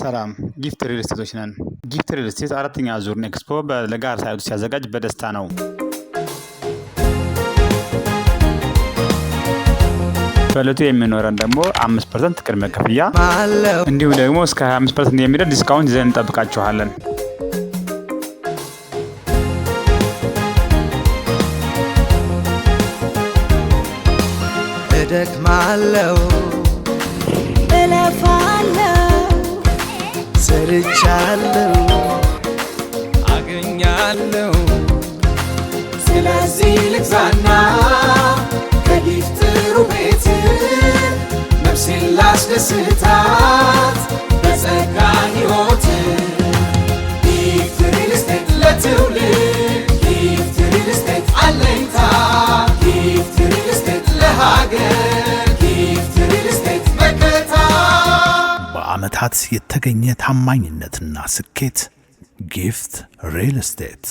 ሰላም ጊፍት ሪል ስቴቶች ነን። ጊፍት ሪል ስቴት አራተኛ ዙር ኤክስፖ ለጋር ሳይቱ ሲያዘጋጅ በደስታ ነው። በእለቱ የሚኖረን ደግሞ አምስት ፐርሰንት ቅድመ ክፍያ እንዲሁም ደግሞ እስከ 25 ፐርሰንት የሚደርስ ዲስካውንት ይዘን እንጠብቃችኋለን። እደክማለው አገኛለሁ አገኛለሁ ስለዚህ ልግዛና ከጊፍትሩ ቤት ነፍሴን ላስደስታት በጸጋ ሕይወት ጊፍት ሪል ስቴት ለትውልድ ጊፍት ሪል ስቴት አለኝታ ጊፍት ሪል ስቴት ለሀገር በዓመታት የተገኘ ታማኝነትና ስኬት ጊፍት ሪል ስቴት